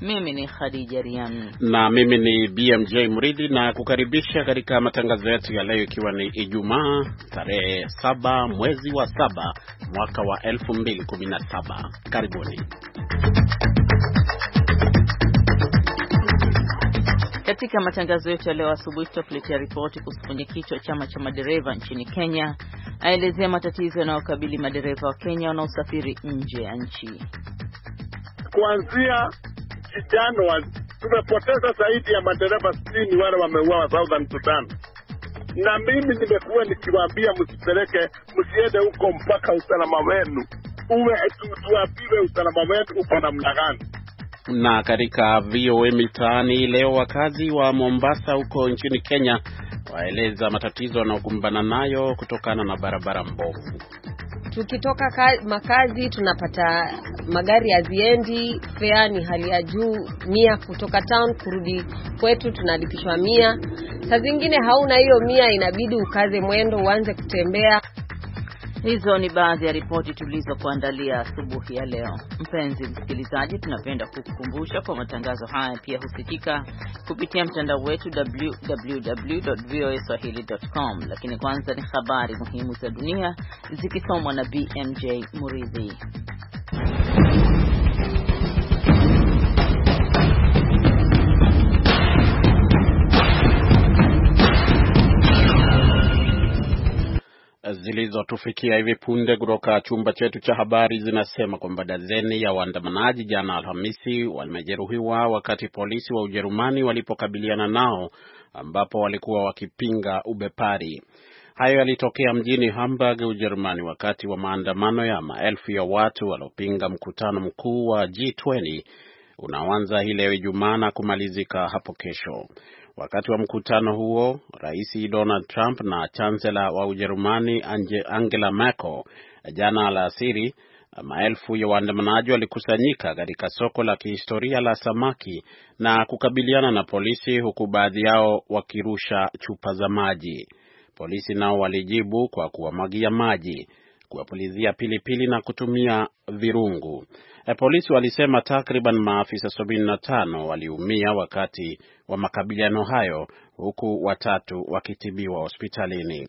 mimi ni Khadija riami na mimi ni BMJ Mridhi, na kukaribisha katika matangazo yetu ya leo, ikiwa ni Ijumaa tarehe 7 mwezi wa 7 mwaka wa 2017. Karibuni katika matangazo yetu ya leo asubuhi. Tutakuletea ripoti kuhusu mwenyekiti wa chama cha madereva nchini Kenya aelezea matatizo yanayokabili madereva wa Kenya wanaosafiri nje ya nchi kuanzia mchichanwa, tumepoteza zaidi ya madereva sitini wale wameuawa Southern Sudan na mimi nimekuwa nikiwaambia msipeleke, msiende huko mpaka usalama wenu uwe, tuambiwe usalama wenu uko namna gani. Na katika VOA Mitaani leo wakazi wa Mombasa huko nchini Kenya waeleza matatizo wanaokumbana nayo kutokana na barabara mbovu tukitoka makazi tunapata magari haziendi, fea ni hali ya juu mia. Kutoka town kurudi kwetu tunalipishwa mia. Saa zingine hauna hiyo mia, inabidi ukaze mwendo, uanze kutembea. Hizo ni baadhi ya ripoti tulizokuandalia asubuhi ya leo. Mpenzi msikilizaji, tunapenda kukukumbusha kwa matangazo haya pia husikika kupitia mtandao wetu www.voaswahili.com. Lakini kwanza ni habari muhimu za dunia zikisomwa na BMJ Muridhi. zilizotufikia hivi punde kutoka chumba chetu cha habari zinasema kwamba dazeni ya waandamanaji jana Alhamisi wamejeruhiwa wakati polisi wa Ujerumani walipokabiliana nao, ambapo walikuwa wakipinga ubepari. Hayo yalitokea mjini Hamburg, Ujerumani, wakati wa maandamano ya maelfu ya watu waliopinga mkutano mkuu wa G20 unaoanza hii leo Ijumaa na kumalizika hapo kesho. Wakati wa mkutano huo, Rais Donald Trump na chansela wa Ujerumani Angela Merkel jana alasiri, maelfu ya waandamanaji walikusanyika katika soko la kihistoria la samaki na kukabiliana na polisi, huku baadhi yao wakirusha chupa za maji. Polisi nao walijibu kwa kuwamwagia maji kuwapulizia pilipili na kutumia virungu. E, polisi walisema takriban maafisa 75 waliumia wakati wa makabiliano hayo, huku watatu wakitibiwa hospitalini.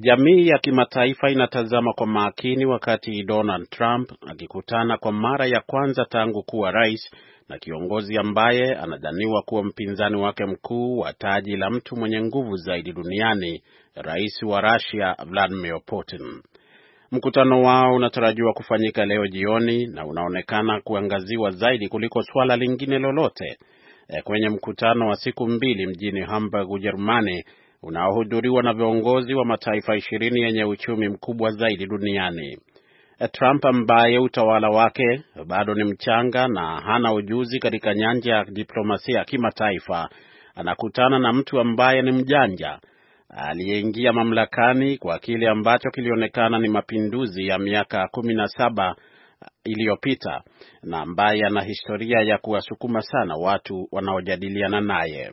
Jamii ya kimataifa inatazama kwa makini wakati Donald Trump akikutana kwa mara ya kwanza tangu kuwa rais na kiongozi ambaye anadhaniwa kuwa mpinzani wake mkuu wa taji la mtu mwenye nguvu zaidi duniani rais wa Russia Vladimir Putin. Mkutano wao unatarajiwa kufanyika leo jioni na unaonekana kuangaziwa zaidi kuliko suala lingine lolote eh, kwenye mkutano wa siku mbili mjini Hamburg, Ujerumani, unaohudhuriwa na viongozi wa mataifa ishirini yenye uchumi mkubwa zaidi duniani. Eh, Trump ambaye utawala wake bado ni mchanga na hana ujuzi katika nyanja ya diplomasia ya kimataifa, anakutana na mtu ambaye ni mjanja aliyeingia mamlakani kwa kile ambacho kilionekana ni mapinduzi ya miaka kumi na saba iliyopita na ambaye ana historia ya kuwasukuma sana watu wanaojadiliana naye.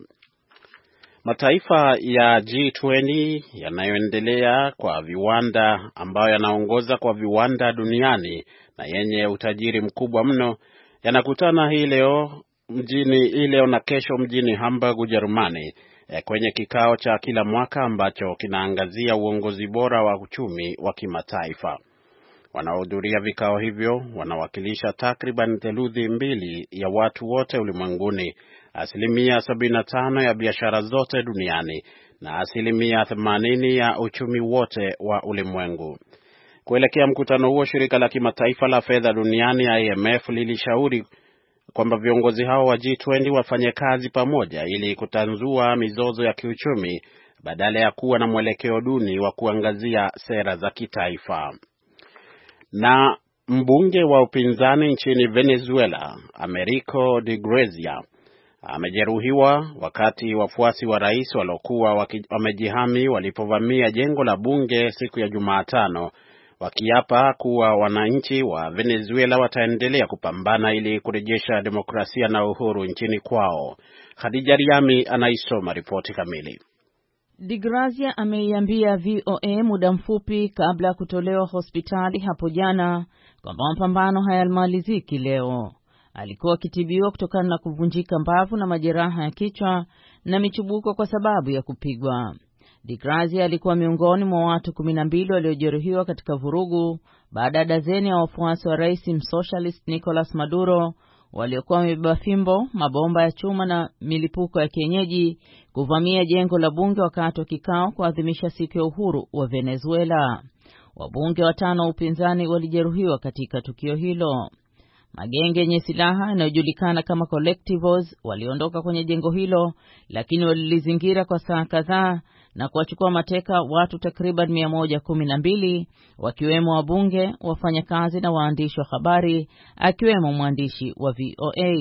Mataifa ya G20 yanayoendelea kwa viwanda ambayo yanaongoza kwa viwanda duniani na yenye utajiri mkubwa mno yanakutana hii leo mjini hii leo na kesho mjini Hamburg, Ujerumani Eh, kwenye kikao cha kila mwaka ambacho kinaangazia uongozi bora wa uchumi wa kimataifa. Wanaohudhuria vikao hivyo wanawakilisha takriban theluthi mbili ya watu wote ulimwenguni, asilimia 75 ya biashara zote duniani na asilimia 80 ya uchumi wote wa ulimwengu. Kuelekea mkutano huo, shirika la kimataifa la fedha duniani IMF lilishauri kwamba viongozi hao wa G20 wafanye kazi pamoja ili kutanzua mizozo ya kiuchumi badala ya kuwa na mwelekeo duni wa kuangazia sera za kitaifa. Na mbunge wa upinzani nchini Venezuela, Americo de Grecia amejeruhiwa wakati wafuasi wa rais waliokuwa wamejihami walipovamia jengo la bunge siku ya Jumatano wakiapa kuwa wananchi wa Venezuela wataendelea kupambana ili kurejesha demokrasia na uhuru nchini kwao. Khadija Riami anaisoma ripoti kamili. Digrazia ameiambia VOA muda mfupi kabla ya kutolewa hospitali hapo jana kwamba mapambano hayamaliziki leo. Alikuwa akitibiwa kutokana na kuvunjika mbavu na majeraha ya kichwa na michubuko kwa sababu ya kupigwa. De Grazia alikuwa miongoni mwa watu kumi na mbili waliojeruhiwa katika vurugu baada ya dazeni ya wafuasi wa rais msocialist Nicolas Maduro waliokuwa wamebeba fimbo, mabomba ya chuma na milipuko ya kienyeji kuvamia jengo la bunge wakati wa kikao kuadhimisha siku ya uhuru wa Venezuela. Wabunge watano wa upinzani walijeruhiwa katika tukio hilo. Magenge yenye silaha yanayojulikana kama Collectivos waliondoka kwenye jengo hilo, lakini walilizingira kwa saa kadhaa na kuwachukua mateka watu takriban 112 wakiwemo wabunge, wafanyakazi na waandishi wa habari akiwemo mwandishi wa VOA.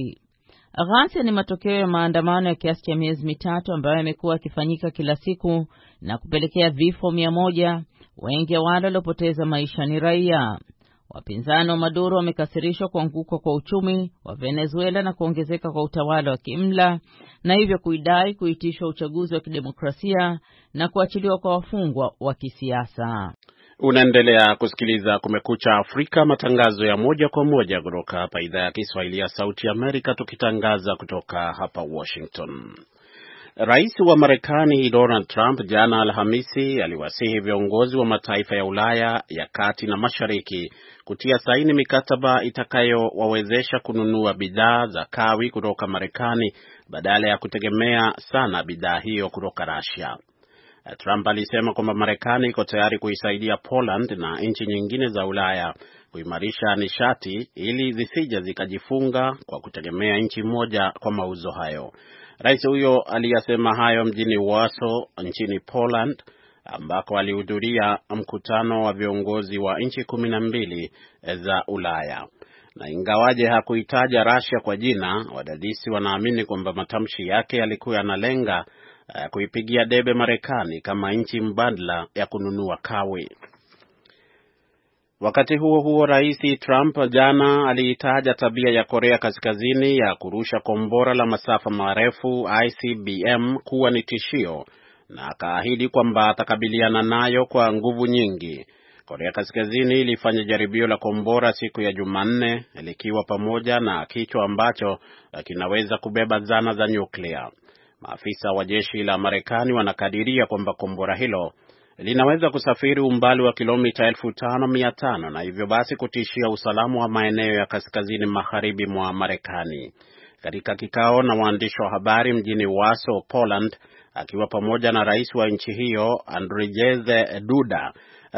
Ghasia ni matokeo ya maandamano ya kiasi cha miezi mitatu ambayo yamekuwa yakifanyika kila siku na kupelekea vifo mia moja. Wengi ya wale waliopoteza maisha ni raia. Wapinzani wa Maduro wamekasirishwa kuanguka kwa uchumi wa Venezuela na kuongezeka kwa utawala wa kiimla na hivyo kuidai kuitishwa uchaguzi wa kidemokrasia na kuachiliwa kwa wafungwa wa kisiasa. Unaendelea kusikiliza Kumekucha Afrika, matangazo ya moja kwa moja kutoka hapa idhaa ya Kiswahili ya Sauti Amerika, tukitangaza kutoka hapa Washington. Rais wa Marekani Donald Trump jana Alhamisi aliwasihi viongozi wa mataifa ya Ulaya ya kati na mashariki kutia saini mikataba itakayowawezesha kununua bidhaa za kawi kutoka Marekani badala ya kutegemea sana bidhaa hiyo kutoka Russia. Trump alisema kwamba Marekani iko tayari kuisaidia Poland na nchi nyingine za Ulaya kuimarisha nishati ili zisije zikajifunga kwa kutegemea nchi moja kwa mauzo hayo. Rais huyo aliyasema hayo mjini Warsaw nchini Poland ambako alihudhuria mkutano wa viongozi wa nchi kumi na mbili eh, za Ulaya. Na ingawaje hakuitaja Russia kwa jina, wadadisi wanaamini kwamba matamshi yake yalikuwa yanalenga eh, kuipigia debe Marekani kama nchi mbadala ya kununua kawi. Wakati huo huo, Rais Trump jana aliitaja tabia ya Korea Kaskazini ya kurusha kombora la masafa marefu ICBM kuwa ni tishio na akaahidi kwamba atakabiliana nayo kwa nguvu nyingi. Korea Kaskazini ilifanya jaribio la kombora siku ya Jumanne likiwa pamoja na kichwa ambacho kinaweza kubeba zana za nyuklia. Maafisa wa jeshi la Marekani wanakadiria kwamba kombora hilo linaweza kusafiri umbali wa kilomita 55 na hivyo basi kutishia usalama wa maeneo ya kaskazini magharibi mwa Marekani. Katika kikao na waandishi wa habari mjini Warsaw, Poland, akiwa pamoja na rais wa nchi hiyo Andrzej Duda.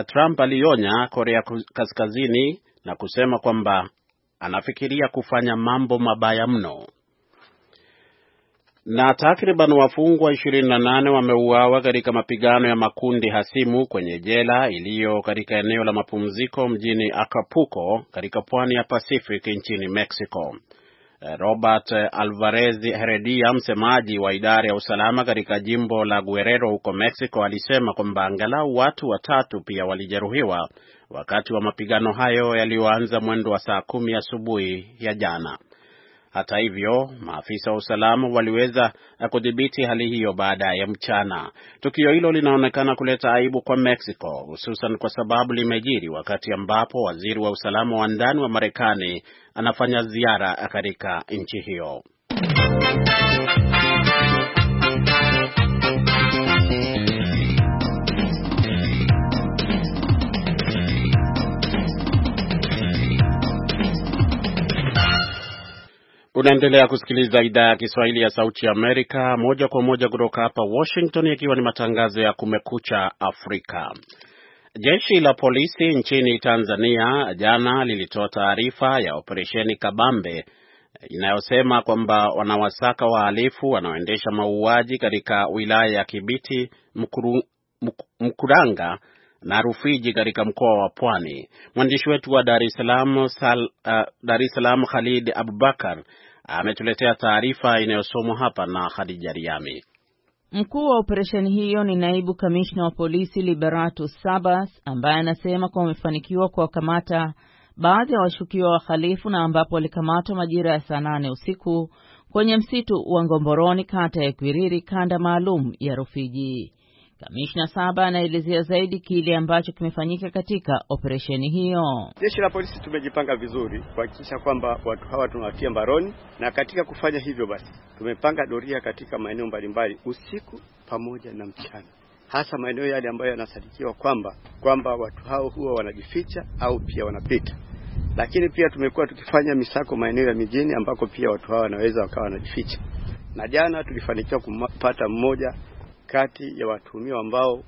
Trump alionya Korea Kaskazini na kusema kwamba anafikiria kufanya mambo mabaya mno. Na takriban wafungwa 28 wameuawa katika mapigano ya makundi hasimu kwenye jela iliyo katika eneo la mapumziko mjini Acapulco katika pwani ya Pacific nchini Mexico. Robert Alvarez Heredia, msemaji wa idara ya usalama katika jimbo la Guerrero huko Mexico, alisema kwamba angalau watu watatu pia walijeruhiwa wakati wa mapigano hayo yaliyoanza mwendo wa saa kumi asubuhi ya, ya jana. Hata hivyo, maafisa wa usalama waliweza eh, kudhibiti hali hiyo baada ya mchana. Tukio hilo linaonekana kuleta aibu kwa Mexico, hususan kwa sababu limejiri wakati ambapo waziri wa usalama wa ndani wa Marekani anafanya ziara katika nchi hiyo. Unaendelea kusikiliza idhaa ya Kiswahili ya Sauti ya Amerika moja kwa moja kutoka hapa Washington, ikiwa ni matangazo ya Kumekucha Afrika. Jeshi la polisi nchini Tanzania jana lilitoa taarifa ya operesheni Kabambe inayosema kwamba wanawasaka wahalifu wanaoendesha mauaji katika wilaya ya Kibiti, Mkuru, Mkuranga na Rufiji katika mkoa wa Pwani. Mwandishi wetu wa Dar es Salaam, Sal, uh, Dar es Salaam Khalid Abubakar ametuletea taarifa inayosomwa hapa na Khadija Riami. Mkuu wa operesheni hiyo ni naibu kamishna wa polisi Liberatus Sabas ambaye anasema kuwa wamefanikiwa kuwakamata baadhi ya washukiwa wahalifu na ambapo walikamatwa majira ya saa nane usiku kwenye msitu wa Ngomboroni, kata ya Kwiriri, kanda maalum ya Rufiji. Kamishna Saba anaelezea zaidi kile ambacho kimefanyika katika operesheni hiyo. Jeshi la polisi tumejipanga vizuri kuhakikisha kwamba watu hawa tunawatia mbaroni, na katika kufanya hivyo basi tumepanga doria katika maeneo mbalimbali usiku pamoja na mchana, hasa maeneo yale ambayo yanasadikiwa kwamba kwamba watu hao huwa wanajificha au pia wanapita lakini pia tumekuwa tukifanya misako maeneo ya mijini ambako pia watu hao wanaweza wakawa wanajificha, na jana tulifanikiwa kumpata mmoja kati ya watuhumiwa ambao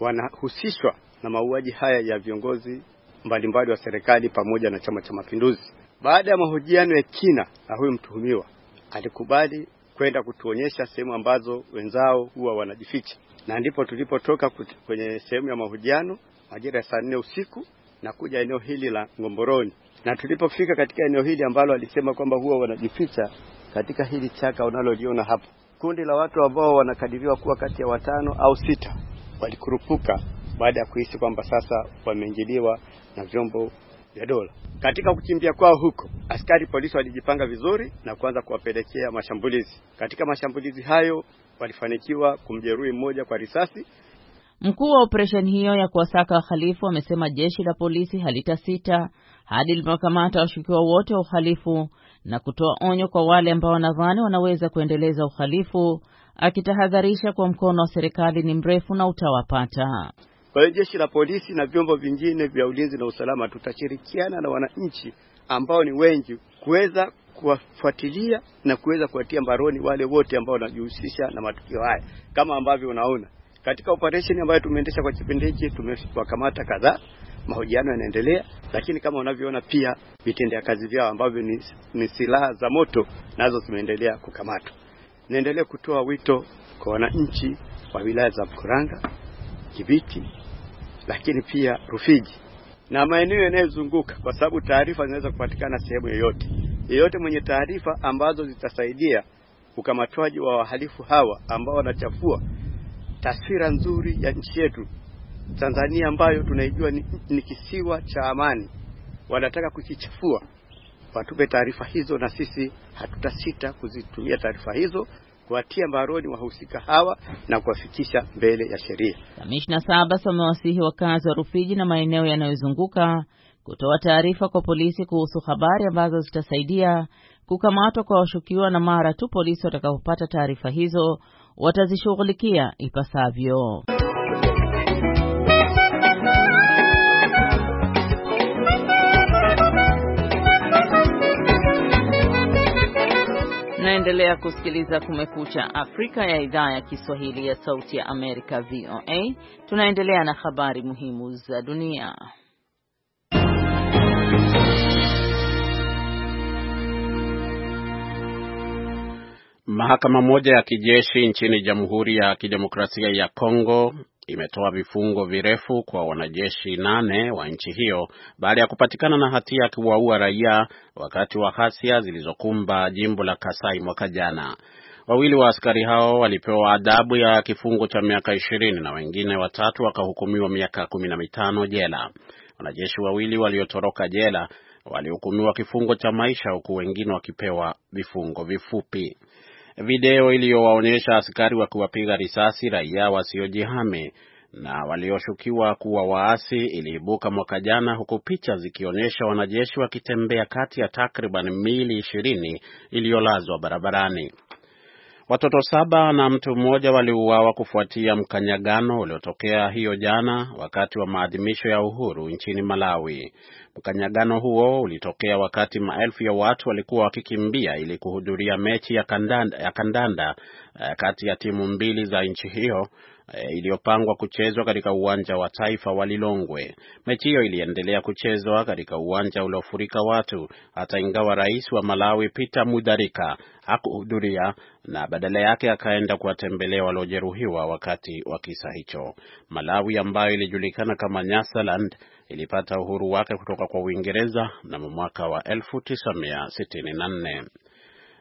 wanahusishwa na mauaji haya ya viongozi mbalimbali wa serikali pamoja na Chama cha Mapinduzi. Baada ya mahojiano ya kina na huyu mtuhumiwa, alikubali kwenda kutuonyesha sehemu ambazo wenzao huwa wanajificha, na ndipo tulipotoka kwenye sehemu ya mahojiano majira ya saa nne usiku na kuja eneo hili la Ngomboroni, na tulipofika katika eneo hili ambalo alisema kwamba huwa wanajificha katika hili chaka unaloliona hapo, Kundi la watu ambao wanakadiriwa kuwa kati ya watano au sita walikurupuka baada ya kuhisi kwamba sasa wameingiliwa na vyombo vya dola. Katika kukimbia kwao huko, askari polisi walijipanga vizuri na kuanza kuwapelekea mashambulizi. Katika mashambulizi hayo walifanikiwa kumjeruhi mmoja kwa risasi. Mkuu wa operesheni hiyo ya kuwasaka wahalifu amesema jeshi la polisi halitasita hadi limewakamata washukiwa wote wa uhalifu na kutoa onyo kwa wale ambao wanadhani wanaweza kuendeleza uhalifu, akitahadharisha kwa mkono wa serikali ni mrefu na utawapata. Kwa hiyo jeshi la polisi na vyombo vingine vya ulinzi na usalama tutashirikiana na wananchi ambao ni wengi kuweza kuwafuatilia na kuweza kuwatia mbaroni wale wote ambao wanajihusisha na matukio haya, kama ambavyo unaona katika operesheni ambayo tumeendesha kwa kipindi hiki tumewakamata kadhaa mahojiano yanaendelea, lakini kama unavyoona pia vitendea kazi vyao ambavyo ni, ni silaha za moto nazo zimeendelea kukamatwa. Naendelea kutoa wito kwa wananchi wa wilaya za Mkuranga, Kibiti, lakini pia Rufiji na maeneo yanayozunguka, kwa sababu taarifa zinaweza kupatikana sehemu yoyote. Yeyote mwenye taarifa ambazo zitasaidia ukamatwaji wa wahalifu hawa ambao wanachafua taswira nzuri ya nchi yetu Tanzania ambayo tunaijua ni, ni kisiwa cha amani, wanataka kukichafua. Watupe taarifa hizo, na sisi hatutasita kuzitumia taarifa hizo kuwatia mbaroni wahusika hawa na kuwafikisha mbele ya sheria. Kamishna Sabas wamewasihi wakazi wa Rufiji na maeneo yanayozunguka kutoa taarifa kwa polisi kuhusu habari ambazo zitasaidia kukamatwa kwa washukiwa, na mara tu polisi watakapopata taarifa hizo watazishughulikia ipasavyo. Unaendelea kusikiliza Kumekucha Afrika ya idhaa ya Kiswahili ya Sauti ya Amerika, VOA. Tunaendelea na habari muhimu za dunia. Mahakama moja ya kijeshi nchini Jamhuri ya Kidemokrasia ya Kongo imetoa vifungo virefu kwa wanajeshi nane wa nchi hiyo baada ya kupatikana na hatia ya kuwaua raia wakati wa ghasia zilizokumba jimbo la Kasai mwaka jana. Wawili wa askari hao walipewa adhabu ya kifungo cha miaka ishirini na wengine watatu wakahukumiwa miaka kumi na mitano jela. Wanajeshi wawili waliotoroka jela walihukumiwa kifungo cha maisha huku wengine wakipewa vifungo vifupi video iliyowaonyesha askari wa kuwapiga risasi raia wasiojihami na walioshukiwa kuwa waasi iliibuka mwaka jana, huku picha zikionyesha wanajeshi wakitembea kati ya takriban miili ishirini iliyolazwa barabarani. Watoto saba na mtu mmoja waliuawa kufuatia mkanyagano uliotokea hiyo jana wakati wa maadhimisho ya uhuru nchini Malawi. Mkanyagano huo ulitokea wakati maelfu ya watu walikuwa wakikimbia ili kuhudhuria mechi ya kandanda, ya kandanda eh, kati ya timu mbili za nchi hiyo Eh, iliyopangwa kuchezwa katika uwanja wa taifa wa Lilongwe. Mechi hiyo iliendelea kuchezwa katika uwanja uliofurika watu, hata ingawa rais wa Malawi Peter mudharika hakuhudhuria na badala yake akaenda kuwatembelea waliojeruhiwa wakati wa kisa hicho. Malawi ambayo ilijulikana kama Nyasaland ilipata uhuru wake kutoka kwa Uingereza mnamo mwaka wa 1964.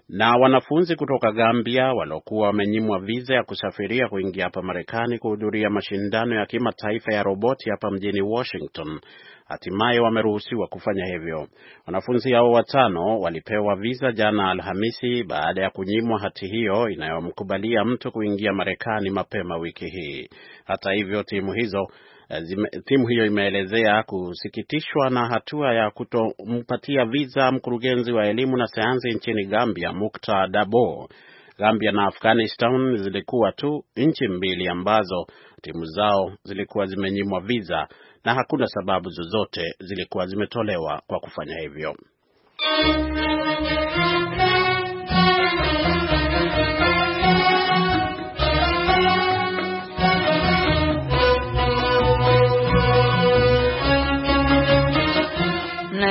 Na wanafunzi kutoka Gambia waliokuwa wamenyimwa viza ya kusafiria kuingia hapa Marekani kuhudhuria mashindano ya kimataifa ya roboti hapa mjini Washington hatimaye wameruhusiwa kufanya hivyo. Wanafunzi hao watano walipewa viza jana Alhamisi baada ya kunyimwa hati hiyo inayomkubalia mtu kuingia Marekani mapema wiki hii. Hata hivyo, timu hizo Eh, zime, timu hiyo imeelezea kusikitishwa na hatua ya kutompatia viza mkurugenzi wa elimu na sayansi nchini Gambia Mukta Dabo. Gambia na Afghanistan zilikuwa tu nchi mbili ambazo timu zao zilikuwa zimenyimwa viza na hakuna sababu zozote zilikuwa zimetolewa kwa kufanya hivyo.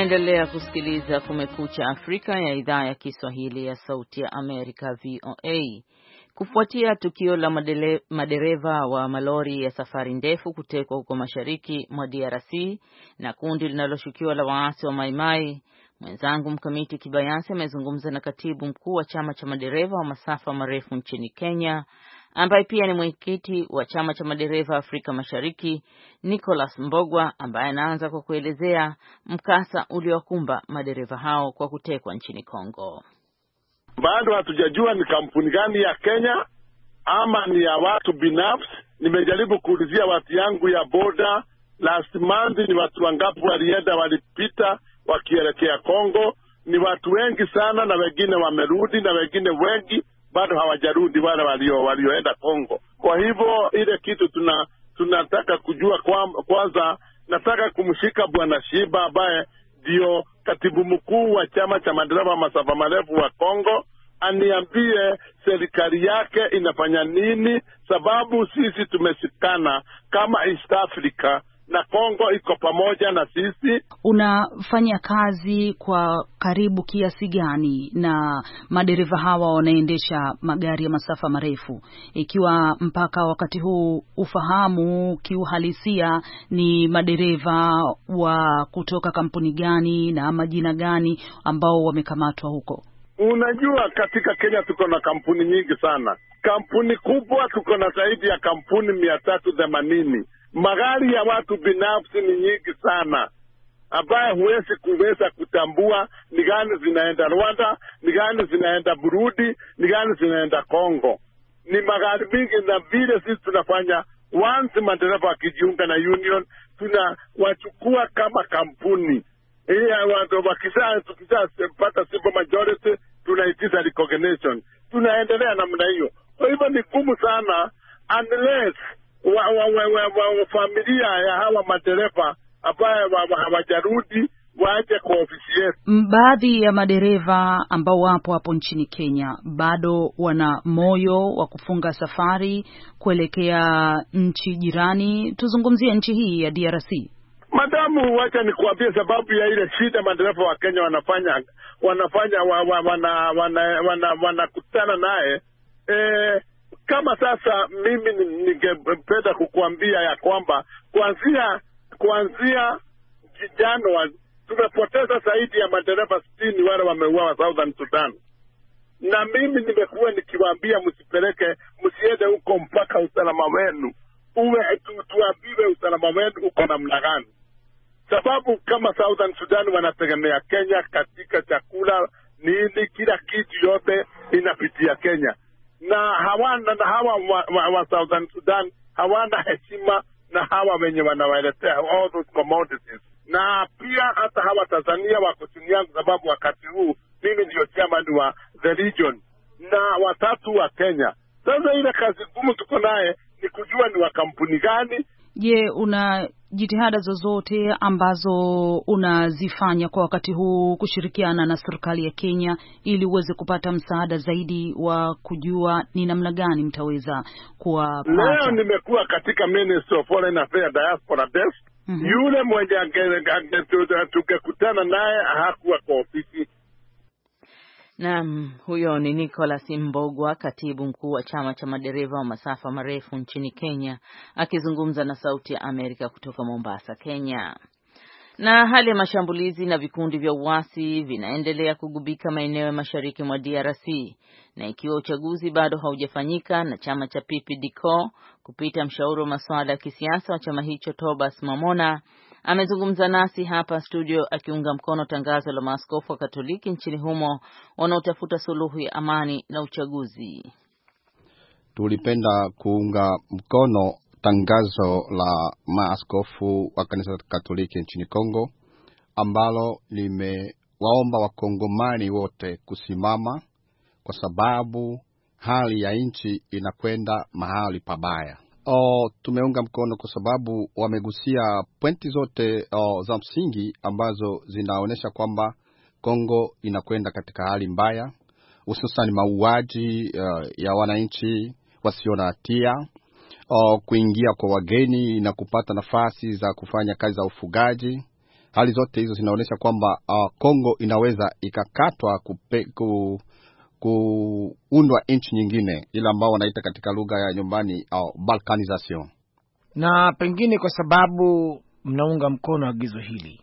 Unaendelea kusikiliza Kumekucha Afrika ya idhaa ya Kiswahili ya Sauti ya Amerika, VOA. Kufuatia tukio la madele, madereva wa malori ya safari ndefu kutekwa huko mashariki mwa DRC na kundi linaloshukiwa la waasi wa Maimai, mwenzangu Mkamiti Kibayasi amezungumza na katibu mkuu wa chama cha madereva wa masafa marefu nchini Kenya, ambaye pia ni mwenyekiti wa chama cha madereva Afrika Mashariki, Nicholas Mbogwa, ambaye anaanza kwa kuelezea mkasa uliowakumba madereva hao kwa kutekwa nchini Kongo. Bado hatujajua ni kampuni gani ya Kenya ama ni ya watu binafsi. Nimejaribu kuulizia watu yangu ya boda last month, ni watu wangapi walienda walipita wakielekea Kongo. Ni watu wengi sana, na wengine wamerudi, na wengine wengi bado hawajarudi wale walio walioenda Kongo. Kwa hivyo ile kitu tuna tunataka kujua kwa, kwanza nataka kumshika Bwana Shiba ambaye ndio katibu mkuu wa chama cha madereva masafa marefu wa Kongo aniambie serikali yake inafanya nini, sababu sisi tumesikana kama East Africa na Kongo iko pamoja na sisi. Unafanya kazi kwa karibu kiasi gani na madereva hawa wanaendesha magari ya masafa marefu, ikiwa mpaka wakati huu ufahamu kiuhalisia ni madereva wa kutoka kampuni gani na majina gani ambao wamekamatwa huko? Unajua, katika Kenya tuko na kampuni nyingi sana. Kampuni kubwa tuko na zaidi ya kampuni mia tatu themanini magari ya watu binafsi ni nyingi sana ambaye huwezi kuweza kutambua ni gani zinaenda Rwanda, ni gani zinaenda Burundi, ni gani zinaenda Kongo. Ni magari mingi, na vile sisi tunafanya once madereva wakijiunga na union, tunawachukua kama kampuni tukishapata simple majority tunaitisha recognition, tunaendelea namna hiyo. Kwa hivyo ni ngumu sana unless wa, wa, wa, wa, wa, wa familia ya hawa madereva ambaye hawajarudi waje kwa ofisi yetu. Mm, baadhi ya madereva ambao wapo hapo nchini Kenya bado wana moyo wa kufunga safari kuelekea nchi jirani. Tuzungumzie nchi hii ya DRC. Madamu, wacha nikuambie sababu ya ile shida madereva wa Kenya wanafanya wanafanya wanakutana wana, wana, wana, wana naye eh, kama sasa mimi ningependa kukuambia ya kwamba kuanzia kuanzia Januari tumepoteza zaidi ya madereva sitini wale wameuawa Southern Sudan, na mimi nimekuwa nikiwaambia msipeleke, msiende huko mpaka usalama wenu uwe tu, tuambiwe usalama wenu uko namna gani, sababu kama Southern Sudan wanategemea Kenya katika chakula nini, kila kitu yote inapitia Kenya na hawana na hawa wa, wa, wa Southern Sudan hawana heshima na hawa wenye wanawaletea all those commodities, na pia hata hawa Tanzania wako chini yangu, sababu wakati huu mimi ndio chairman wa the region na watatu wa Kenya. Sasa ile kazi ngumu tuko naye ni kujua ni wa kampuni gani. Je, una jitihada zozote ambazo unazifanya kwa wakati huu kushirikiana na serikali ya Kenya ili uweze kupata msaada zaidi wa kujua ni namna gani mtaweza kuwa Leo nimekuwa katika Ministry of Foreign Affairs Diaspora Desk. Mm -hmm. Yule mwenye tungekutana naye hakuwa kwa ofisi Naam, huyo ni Nicholas Mbogwa, katibu mkuu wa chama cha madereva wa masafa marefu nchini Kenya, akizungumza na Sauti ya Amerika kutoka Mombasa, Kenya. Na hali ya mashambulizi na vikundi vya uasi vinaendelea kugubika maeneo ya mashariki mwa DRC, na ikiwa uchaguzi bado haujafanyika na chama cha PPDCO kupita mshauri wa masuala ya kisiasa wa chama hicho tobas Mamona amezungumza nasi hapa studio akiunga mkono tangazo la maaskofu wa Katoliki nchini humo wanaotafuta suluhu ya amani na uchaguzi. Tulipenda kuunga mkono tangazo la maaskofu wa kanisa Katoliki nchini Kongo ambalo limewaomba wakongomani wote kusimama kwa sababu hali ya nchi inakwenda mahali pabaya. Oh, tumeunga mkono kwa sababu wamegusia pointi zote oh, za msingi ambazo zinaonyesha kwamba Kongo inakwenda katika hali mbaya, hususan mauaji uh, ya wananchi wasio na hatia, oh, kuingia kwa wageni na kupata nafasi za kufanya kazi za ufugaji. Hali zote hizo zinaonyesha kwamba uh, Kongo inaweza ikakatwa kupe, ku, kuundwa nchi nyingine, ile ambao wanaita katika lugha ya nyumbani au balkanization. Na pengine kwa sababu mnaunga mkono agizo hili,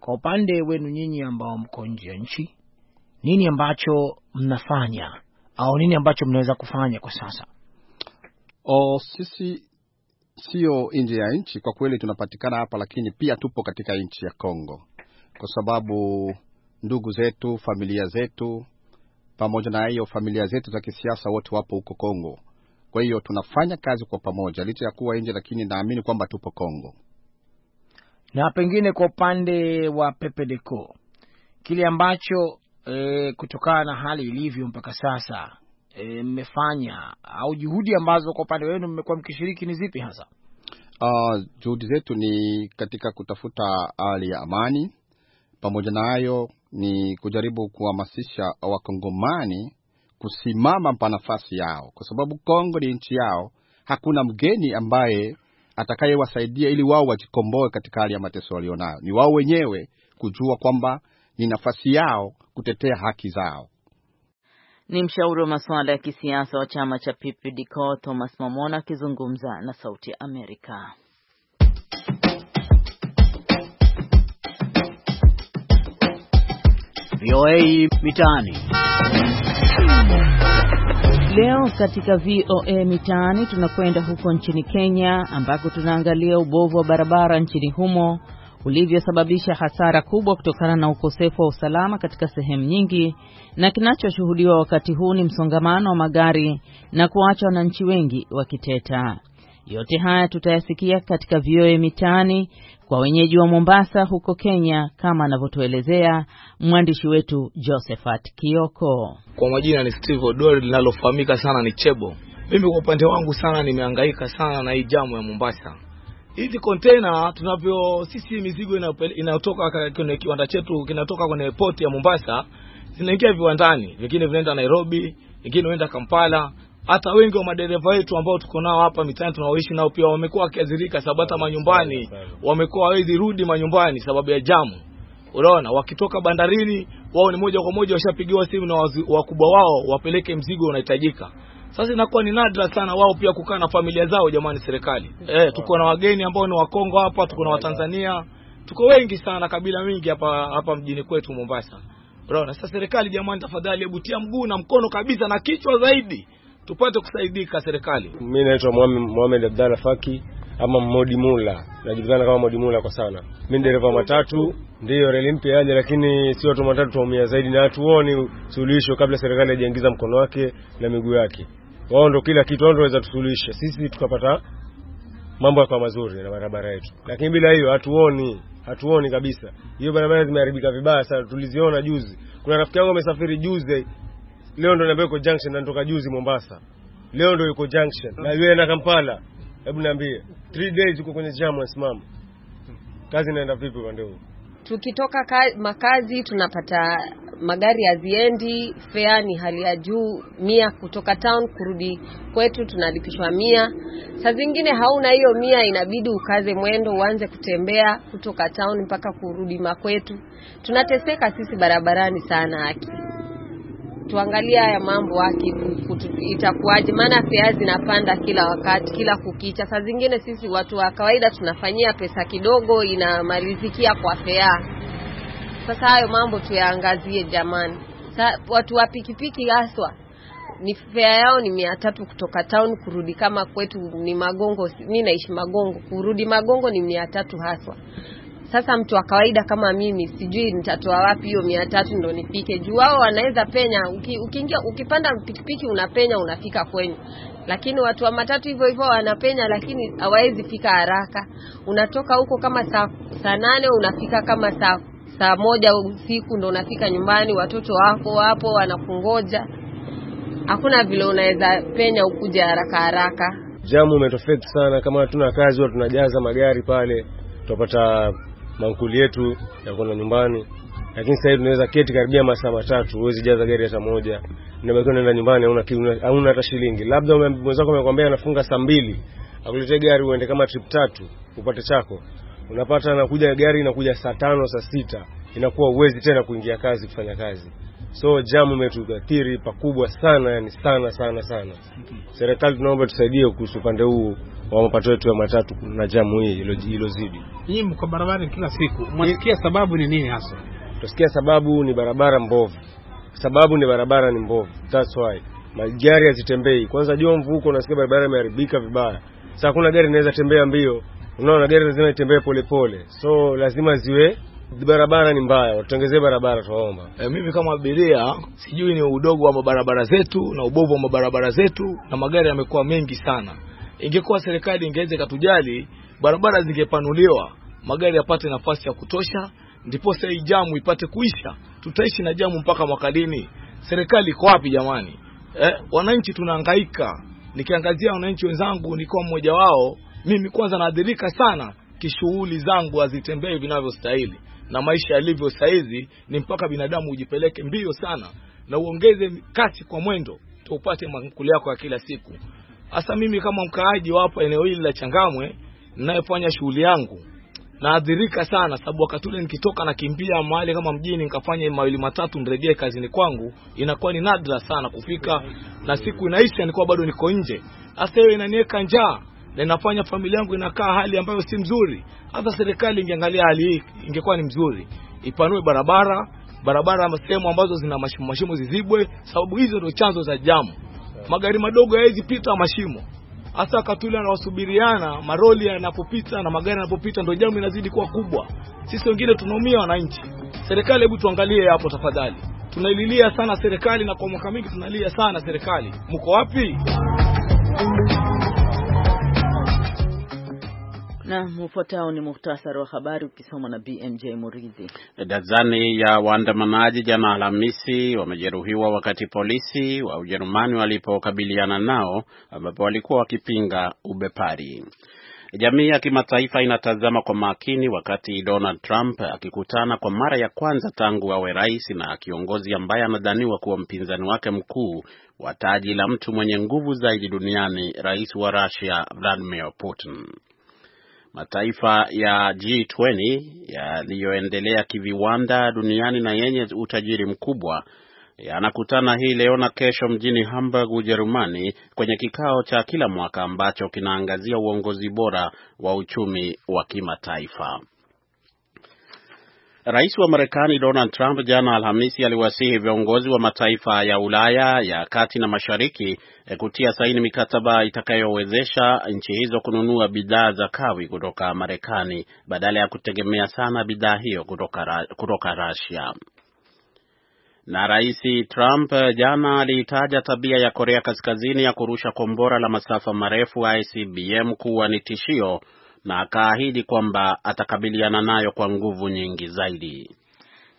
kwa upande wenu nyinyi ambao mko nje ya nchi, nini ambacho mnafanya au nini ambacho mnaweza kufanya kwa sasa? O, sisi sio nje ya nchi kwa kweli, tunapatikana hapa, lakini pia tupo katika nchi ya Kongo, kwa sababu ndugu zetu, familia zetu pamoja na hiyo, familia zetu za kisiasa wote wapo huko Kongo. Kwa hiyo tunafanya kazi kwa pamoja licha ya kuwa nje, lakini naamini kwamba tupo Kongo. Na pengine kwa upande wa Pepedeco kile ambacho e, kutokana na hali ilivyo mpaka sasa eh, mmefanya e, au juhudi ambazo kwa upande wenu mmekuwa mkishiriki ni zipi hasa? Uh, juhudi zetu ni katika kutafuta hali ya amani pamoja na hayo ni kujaribu kuhamasisha Wakongomani kusimama pa nafasi yao, kwa sababu Kongo ni nchi yao. Hakuna mgeni ambaye atakayewasaidia ili wao wajikomboe katika hali ya mateso walionayo. Ni wao wenyewe kujua kwamba ni nafasi yao kutetea haki zao. Ni mshauri wa masuala ya kisiasa wa chama cha PPDCO Thomas Mamona akizungumza na Sauti ya Amerika. VOA Mitaani. Leo katika VOA Mitaani tunakwenda huko nchini Kenya ambako tunaangalia ubovu wa barabara nchini humo ulivyosababisha hasara kubwa kutokana na ukosefu wa usalama katika sehemu nyingi, na kinachoshuhudiwa wakati huu ni msongamano wa magari na kuacha wananchi wengi wakiteta. Yote haya tutayasikia katika VOA Mitaani kwa wenyeji wa Mombasa huko Kenya, kama anavyotuelezea mwandishi wetu Josephat Kioko. Kwa majina ni Steve Odori, linalofahamika sana ni Chebo. Mimi kwa upande wangu sana nimehangaika sana na hii jamu ya Mombasa. Hizi container tunavyo sisi, mizigo inayotoka kwenye kiwanda chetu kinatoka kwenye poti ya Mombasa, zinaingia viwandani, vingine vinaenda Nairobi, vingine huenda Kampala hata wengi wa madereva wetu ambao tuko nao hapa mitaani tunaoishi nao pia wamekuwa wakiadhirika, sababu hata manyumbani wamekuwa hawezi rudi manyumbani sababu ya jamu. Unaona, wakitoka bandarini wao ni moja kwa moja washapigiwa simu na wakubwa wao wapeleke mzigo unahitajika. Sasa inakuwa ni nadra sana wao pia kukaa na familia zao. Jamani serikali, eh, tuko na wageni ambao ni Wakongo hapa, tuko na Watanzania, tuko wengi sana, kabila mingi hapa hapa mjini kwetu Mombasa. Unaona, sasa serikali, jamani, tafadhali, hebu tia mguu na mkono kabisa na kichwa zaidi tupate kusaidika serikali. Mimi naitwa Mohamed Abdalla Faki ama Modi Mula, najulikana kama Modi Mula kwa sana. Mimi dereva matatu, ndiyo reli mpya yaje, lakini si watu matatu twaumia zaidi, na hatuoni suluhisho kabla serikali haijaingiza mkono wake na miguu yake. Wao ndio kila kitu, wao ndio waweza tusuluhisha sisi, tukapata mambo yakawa mazuri na barabara yetu, lakini bila hiyo hatuoni hatuoni kabisa. Hiyo barabara zimeharibika vibaya sana, tuliziona juzi. Kuna rafiki yangu amesafiri juzi leo ndo niambia yuko junction na nitoka juzi Mombasa, leo ndo yuko junction na yeye na Kampala. Hebu niambie, 3 days uko kwenye jamu asimama, kazi inaenda vipi kwa ndio? Tukitoka ka, makazi tunapata magari haziendi, fare ni hali ya juu, mia kutoka town kurudi kwetu tunalipishwa mia. Saa zingine hauna hiyo mia, inabidi ukaze mwendo, uanze kutembea kutoka town mpaka kurudi makwetu. Tunateseka sisi barabarani sana, haki tuangalie haya mambo haki itakuwaje, maana fea zinapanda kila wakati, kila kukicha. Saa zingine sisi watu wa kawaida tunafanyia pesa kidogo, inamalizikia kwa fea. Sasa hayo mambo tuyaangazie jamani. Sa, watu wa pikipiki haswa ni fea yao ni mia tatu kutoka town kurudi, kama kwetu ni Magongo. Mi naishi Magongo, kurudi Magongo ni mia tatu haswa. Sasa mtu wa kawaida kama mimi sijui nitatoa wapi hiyo mia tatu ndo nifike juu. Wao wanaweza penya, ukiingia uki ukipanda pikipiki unapenya unafika kwenyu, lakini watu wa matatu hivyo hivyo wanapenya, lakini hawawezi fika haraka. Unatoka huko kama saa saa nane unafika kama saa saa moja usiku ndo unafika nyumbani, watoto wako wapo wanakungoja. Hakuna vile unaweza penya ukuja haraka haraka. Jamu umetofeti sana, kama hatuna kazi huwa tunajaza magari pale, tutapata mankuli yetu ya nyumbani, lakini sasa hivi tunaweza keti karibia masaa matatu, huwezi jaza gari hata moja, nabaki unaenda nyumbani, hauna hauna hata shilingi. Labda mwenzako amekwambia anafunga saa mbili akuletee gari uende kama trip tatu upate chako, unapata anakuja gari inakuja saa tano saa sita, inakuwa uwezi tena kuingia kazi kufanya kazi. So jamu imetuathiri pakubwa sana, yani sana sana sana. Serikali tunaomba tusaidie kuhusu upande huu wa mapato yetu ya matatu na jamu hii ilozidi. Nyinyi mko barabarani kila siku, mwasikia sababu ni nini hasa? Tusikia sababu ni barabara mbovu, sababu ni barabara ni mbovu, that's why magari hazitembei. Kwanza jua huko unasikia barabara imeharibika vibaya, sasa hakuna gari inaweza tembea mbio, unaona, gari lazima itembee polepole, so lazima ziwe barabara ni mbaya, watutengezee barabara tunaomba. E, mimi kama abiria sijui ni udogo wa mabarabara zetu na ubovu wa mabarabara zetu, na magari yamekuwa mengi sana. Ingekuwa serikali ingeweza ikatujali, barabara zingepanuliwa, magari yapate nafasi ya kutosha, ndiposa hii jamu ipate kuisha. Tutaishi na jamu mpaka mwaka lini? Serikali iko wapi jamani? Eh, wananchi tunahangaika. Nikiangazia wananchi wenzangu, nilikuwa mmoja wao, mimi kwanza naadhirika sana kishughuli zangu hazitembei vinavyostahili, na maisha yalivyo saizi, ni mpaka binadamu ujipeleke mbio sana na uongeze kasi kwa mwendo, tupate makuli yako ya kila siku. Hasa mimi kama mkaaji hapa eneo hili la Changamwe ninayefanya shughuli yangu naadhirika sana, sababu wakati ule nikitoka nakimbia mahali kama mjini nikafanya mawili matatu nirejee kazini kwangu, inakuwa ni nadra sana kufika, na siku inaisha nilikuwa bado niko nje. Hasa hiyo inaniweka njaa na inafanya familia yangu inakaa hali ambayo si mzuri. Hata serikali ingeangalia hali hii, ingekuwa ni mzuri, ipanue barabara barabara, sehemu ambazo zina mashimo mashimo zizibwe, sababu hizo ndio chanzo za jamu magari madogo hayawezi pita mashimo. Hasa wakati ule anawasubiriana maroli yanapopita na magari yanapopita, ndio jamu inazidi kuwa kubwa. Sisi wengine tunaumia, wananchi. Serikali, hebu tuangalie hapo tafadhali. Tunaililia sana serikali, na kwa mwaka mingi tunalia sana serikali. Mko wapi? Na ufuatao ni muhtasari wa habari ukisoma na BMJ Muridhi. Dazani ya waandamanaji jana Alhamisi wamejeruhiwa wakati polisi wa Ujerumani walipokabiliana nao, ambapo walikuwa wakipinga ubepari. Jamii ya kimataifa inatazama kwa makini wakati Donald Trump akikutana kwa mara ya kwanza tangu awe rais na kiongozi ambaye anadhaniwa kuwa mpinzani wake mkuu wa taji la mtu mwenye nguvu zaidi duniani, rais wa Russia Vladimir Putin. Mataifa ya G20 yaliyoendelea kiviwanda duniani na yenye utajiri mkubwa yanakutana hii leo na kesho mjini Hamburg, Ujerumani, kwenye kikao cha kila mwaka ambacho kinaangazia uongozi bora wa uchumi wa kimataifa. Rais wa Marekani Donald Trump jana Alhamisi aliwasihi viongozi wa mataifa ya Ulaya ya kati na mashariki eh, kutia saini mikataba itakayowezesha nchi hizo kununua bidhaa za kawi kutoka Marekani badala ya kutegemea sana bidhaa hiyo kutoka, kutoka Russia. Na Rais Trump eh, jana aliitaja tabia ya Korea Kaskazini ya kurusha kombora la masafa marefu ICBM kuwa ni tishio na akaahidi kwamba atakabiliana nayo kwa nguvu nyingi zaidi.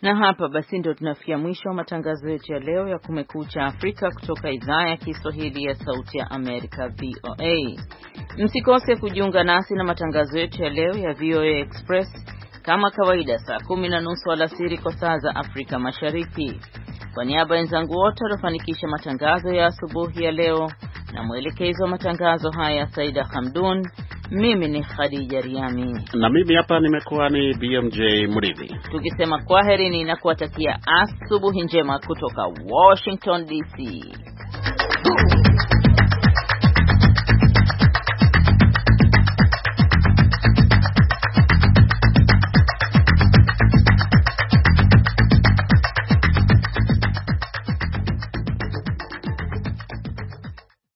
Na hapa basi ndio tunafikia mwisho wa matangazo yetu ya leo ya Kumekucha Afrika kutoka idhaa ya Kiswahili ya Sauti ya Amerika, VOA. Msikose kujiunga nasi na matangazo yetu ya leo ya VOA Express kama kawaida, saa kumi na nusu alasiri kwa saa za Afrika Mashariki. Kwa niaba ya wenzangu wote waliofanikisha matangazo ya asubuhi ya leo na mwelekezi wa matangazo haya Saida Hamdun, mimi ni Khadija Riami na mimi hapa nimekuwa ni BMJ Mridhi, tukisema kwaherini na kuwatakia asubuhi njema kutoka Washington DC.